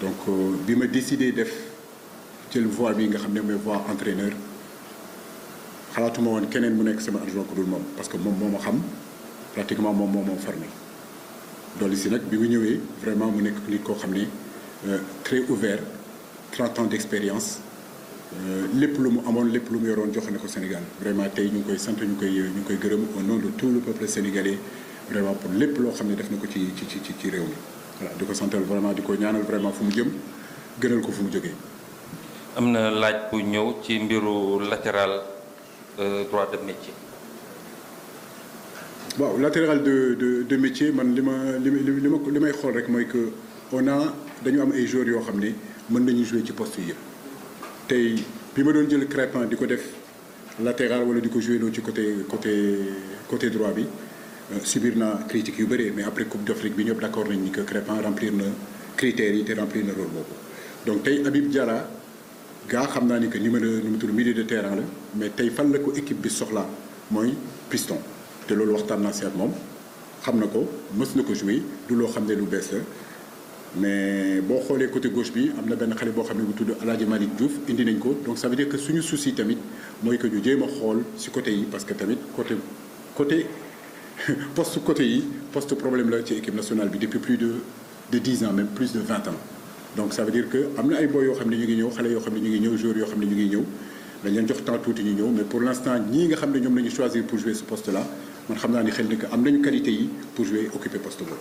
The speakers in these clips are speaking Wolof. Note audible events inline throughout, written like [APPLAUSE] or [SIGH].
donc euh, bi ma décidé def jël voie bi nga xam ne mooy voie entraîneur xalaatuma woon keneen mu nekk sama adjoint ko dul moom parce que moom moo ma xam pratiquement moom moo ma formé dolli si nag bi mu ñëwee vraiment mu nekk nit koo xam ne euh, très ouvert 30 ans d' expérience euh, lépp lu mu amoon lépp lu mu yoroon jox na ko Sénégal vraiment tey ñu ngi koy sant ñu koy ñu koy gërëm au nom de tout le peuple sénégalais vraiment pour lépp loo xam ne def na ko ci ci ci ci réew mi voilà diko ko vraiment diko ñaanal vraiment fu mu jëm gënal ko fu mu jógee. am laaj bu ñëw ci mbiru latéral euh, droit de métier. bon latéral de de de métier man li ma li ma li rek moy que on a dañu am ay joueurs yo xamné ne mën nañu jouer ci poste yi tay tey bi ma doon jël Crépin diko def latéral wala diko jouer loo ci côté côté côté droit bi. Euh, subir na critique yu bëree mais après Coupe d'Afrique bi ñëpp d' accord nañ ni que Crépin remplir na critères yi te remplir na rôle boobu. donc tey Habib Diarra gaa xam naa ni que numéro nu mu tudd milieu de terrain la mais tey fan la ko équipe bi soxla mooy piston te loolu waxtaan naa si ak moom xam na ko mës na ko jouer du loo xam ne lu bees la mais boo xoolee côté gauche bi am na benn xale boo xam ne bu tudd El Hadj Malick Diouf indi nañ ko donc ça veut dire que suñu souci tamit mooy que ñu jéem a xool si côté yi parce que tamit côté côté. [LAUGHS] poste côté yi poste problème là ci équipe nationale bi depuis plus de de 10 ans même plus de 20 ans donc ça veut dire que amna ay boy yo xam ñu ngi ñëw xalé yo xam ñu ngi ñëw joueurs yo xam ñu ngi ñëw dañ leen jox temps tuuti ñu ñëw mais pour l'instant ñi nga xam ñom lañu choisir pour jouer ce poste là man xam naa ni xel ni que am nañu qualité yi pour jouer occuper poste boobu.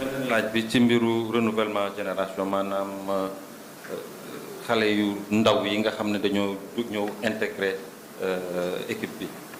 beneen laaj bi ci mbiru renouvellement génération maanaam euh, xale yu ndaw yi nga xam ne dañoo ñëw intégrer euh, équipe bi.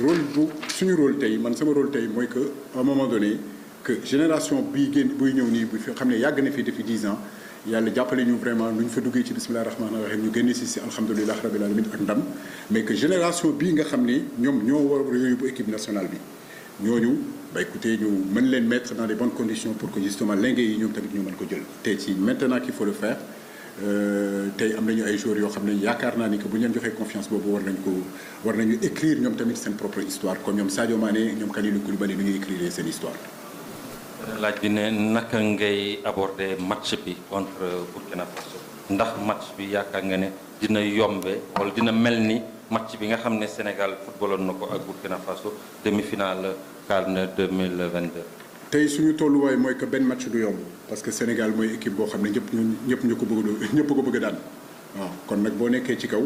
rôle bu suñu rôle tay man sama rôle tay moy que à un moment donné que génération bi génn buy ñëw ni bu fi xam na fi depuis 10 ans yalla jàppale ñu vraiment lu ñu fa duggé ci bismillah rahman rahim ñu génn ci si alhamdulilah rabil alamin ak ndam mais que génération bi nga xamné ñom ñoo war yooyu bu équipe nationale bi ñooñu ba écoutez ñu mën leen mettre dans les bonnes conditions pour que justement lingué yi ñoom tamit ñu mën ko jël té ci maintenant qu'il faut le faire euh, tey am nañu ay joueurs yo xamné ne yaakaar ni que buñu ñu joxé confiance bobu war nañ ko war nañu écrire ñom tamit seen propre histoire comme ñom Sadio Mané ñoom Kalidou Koulibaly nu ñuy écrire seen histoire. laaj bi ne naka ngay aborder match bi contre Burkina Faso ndax match bi yaakaar nga ne dina yombé wala dina melni match bi nga xamné Sénégal footballon nako ak Burkina Faso demi-finale CAN 2022 tay suñu way moy que ben match du yomb parce que Sénégal moy équipe bo xamné ñep ñep ñu ñëpp ñu ko bëgg ñëpp ko bëgg daan wa kon nak bo nekké ci kaw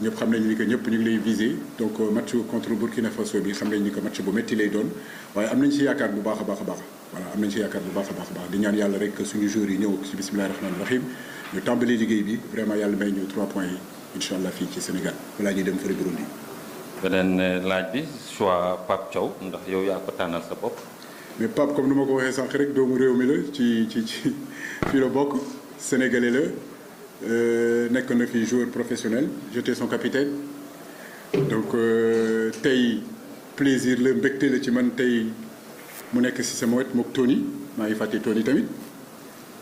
ñep xam ni que ñep ñu ngi lay viser donc euh, match contre Burkina Faso bi xam nañ ni que match bu metti lay doon waye am nañ ci yaakaar bu baaxa baaxa baax a voilà am nañ ci yaakaar bu baaxa baaxa baax di ñaan yalla rek suñu joueurs yi ñëw ci bismillahir rahmanir rahim ñu tàmbali liggéey bi vraiment yalla may ñu 3 points yi incha allah ci Sénégal wala ñu dem fële Burundi. benen euh, laaj bi choix Pape Thiaw ndax yow ya ko tanal sa bop mais Pape comme nous ma ko waxee sànq rek doomu réew mi la ci ci ci fii sénégalais euh, n'est na fi joueur professionnel j'étais son capitaine donc euh, tey plaisir le mbégte le ci man tey mu nekk Tony maa Tony tamit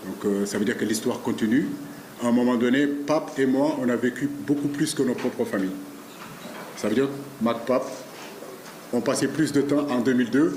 donc euh, ça veut dire que l'histoire continue à un moment donné Pape et moi on a vécu beaucoup plus que nos propres familles ça veut dire que et Pape on passait plus de temps en 2002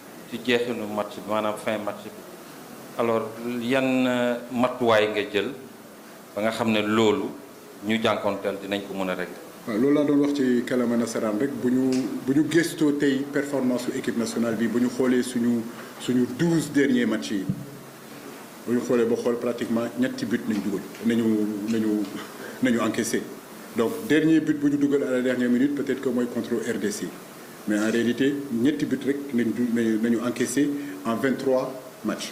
ci jeexinu match bi fin match bi alors yan euh, matuwaay nga jël ba nga xam ne loolu ñu jànkoonteel dinañ ko mën a régler. waaw loolu laa doon wax ci kàllaama nasaraan rek bu ñu bu ñu gëstoo performance su équipe nationale bi bu ñu xoolee suñu suñu douze derniers matchs yi bu ñu xoolee ba xool pratiquement ñetti but nañ dugal nañu nañu nañu encaissé donc dernier but bu ñu dugal à la dernière minute peut-être que mooy contre RDC mais en réalité nous but encaissé en 23 matchs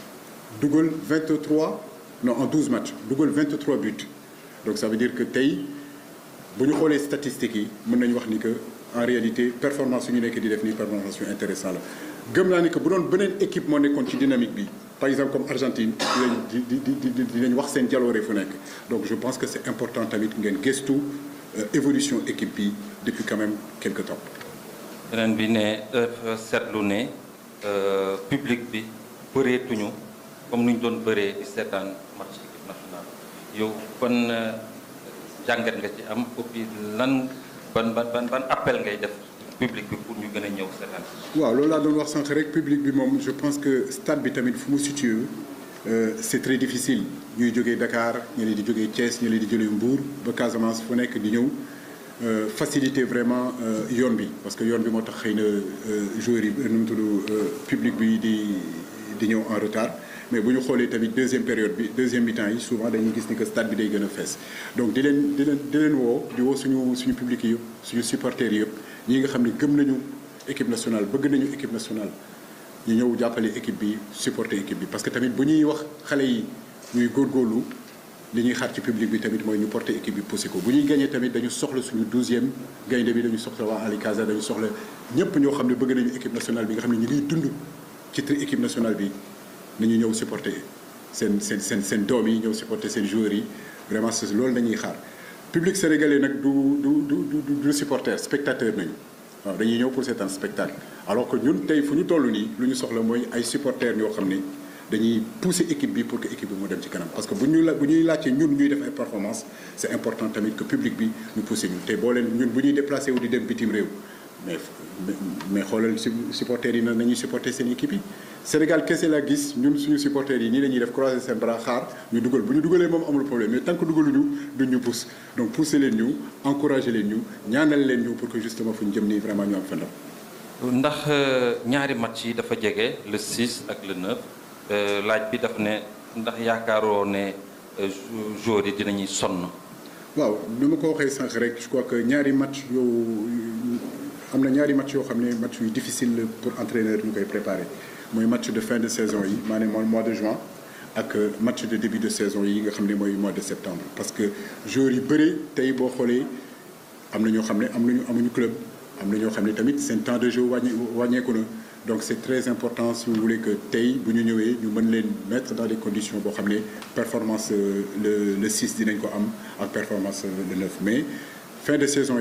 23 non en 12 matchs dugal 23 buts donc ça veut dire que si nous avons les statistiques yi avons que en réalité performance ñu définie di performance intéressante. intéressant la gëm naa que équipe dynamique par exemple comme Argentine di di di dialogue wax donc je pense que c'est important tamit une euh, une évolution équipe depuis quand même quelques temps beneen bi ne dafa euh, seetlu ne euh, public bi bëreetuñu comme nu ñu doon bëré di seetaan match équipe nationale yow ban euh, jàngat nga ci am coppi lan ban ban ban appel ngay def public bi pour ñu gën a ñëw seetaan waaw loolu laa doon wax sànq rek public bi moom je pense que stade bi tamit fu mu situé c'est très difficile ñuy jógee Dakar ñu leen di jógee Thiès ñu leen di jógee Mbour ba Casamance fu nekk di ñëw euh, faciliter vraiment euh, yoon bi parce que yoon bi moo tax xëy na euh, joueurs yi nu mu public bi di di ñëw en retard mais bu ñu xoolee tamit deuxième période bi deuxième mi-temps yi souvent dañuy gis ni que stade bi day gën a fees donc di leen di leen di leen woo di woo suñu suñu public yi yëpp suñu supporters yi yëpp ñi nga xam ne gëm nañu équipe nationale bëgg nañu équipe nationale ñu ñëw jàppale équipe bi supporter équipe bi parce que tamit bu ñuy wax xale yi ñuy góorgóorlu li ñuy xaar ci public bi tamit mooy ñu porter équipe bi poussé ko bu ñuy gagné tamit dañu soxla suñu 12e gaynde bi dañu soxla wa Ali Casa dañu soxla ñëpp ñoo xam ne bëgg nañu équipe nationale bi nga xam ne ñu ngi dund ci tri équipe nationale bi nañu ñëw supporter seen seen seen seen doom yi ñëw supporter seen joueurs yi vraiment c'est loolu nañuy xaar public sénégalais nag du du du du supporter spectateur nañu waaw dañuy ñëw pour c'est un spectacle alors que ñun tey fu ñu toll nii lu ñu soxla mooy ay supporters ñoo xam ne dañuy pousser équipe bi pour que équipe bi mu dem ci kanam parce que bu ñuy la bu ñuy laajte ñun ñuy def ay performance c'est important tamit que public bi ñu pousser ñu té bo leen ñun bu ñuy déplacé wu di dem bitim réew mais mais xoolal supporter yi nañu supporter seen équipe yi Sénégal kese la gis ñun suñu supporter yi ni lañuy def croiser seen bras xaar ñu duggal bu ñu dugalee moom amul problème mais tant que dugaluñu duñ ñu pousse donc pousser leen ñu encourager leen ñu ñaanal leen ñu pour que justement fu ñu jëm nii vraiment ñu am fa ndax euh, ñaari match yi dafa jege le 6 ak le 9. Euh, laaj bi daf ne ndax yaakaaroo ne euh, joueurs yi dinañuy sonn. waaw ni ma ko waxee sànq rek je crois que ñaari match yow am na ñaari match yoo xam ne match yu difficile pour entraîneur ñu koy préparer mooy match de fin de saison yi maanaam mooy mois de juin ak euh, match de début de saison yi nga xam ne mooy mois de septembre. parce que joueurs yi bëri tey boo xoolee am na ñoo xam ne am nañu amuñu club am na ñoo xam ne tamit seen temps de jeu wàññi wàññeeku donc c'est très important si vous voulez que Tay, bu ñu ñëwee ñu mën leen mettre dans des conditions boo xam performance euh, le le 6 dinañ ko am ak performance euh, le 9 mai. fin de saison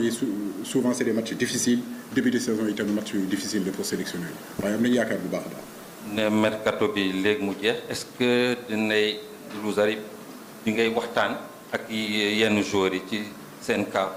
souvent c'est des matchs difficiles début de saison yi tamit match difficile la pour sélectionneur waaye am nañu yaakaar bu baax daal. ne mercato bi léegi mu jeex est ce que dinay lu sari di ngay waxtaan ak yenn joueurs yi ci seen cas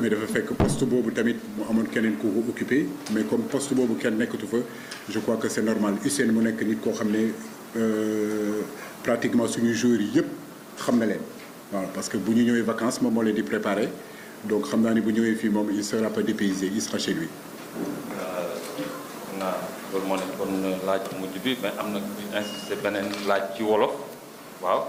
xam ne dafa fekk poste boobu tamit mu amoon keneen ku ko occupé mais comme poste boobu kenn nekkatu fa je crois que c'est normal Hussein mu nekk nit koo xam ne euh, pratiquement suñu joueurs yi yëpp xam na leen waaw parce que bu ñu ñëwee vacances moom moo leen di préparé donc xam naa ni bu ñëwee fii moom il sera pas dépaysé il sera chez lui. Euh, naa loolu moo nekkoon laaj bu mujj bi mais am na insisté beneen laaj ci wolof waaw.